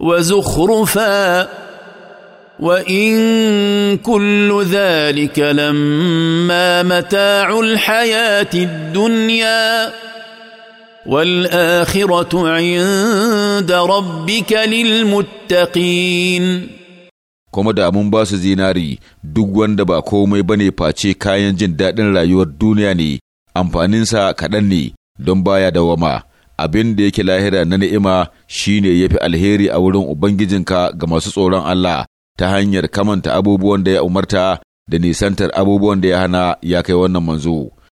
وزخرفا وان كل ذلك لما متاع الحياه الدنيا والاخره عند ربك للمتقين kuma da mun ba su zinari duk wanda ba komai bane face kayan jin daɗin rayuwar duniya ne amfaninsa kaɗan ne don baya dawama abin da yake lahira na ni'ima shine fi alheri a wurin ubangijinka ga masu tsoron Allah ta hanyar kamanta abubuwan da ya umarta da nisantar abubuwan da ya hana ya kai wannan manzo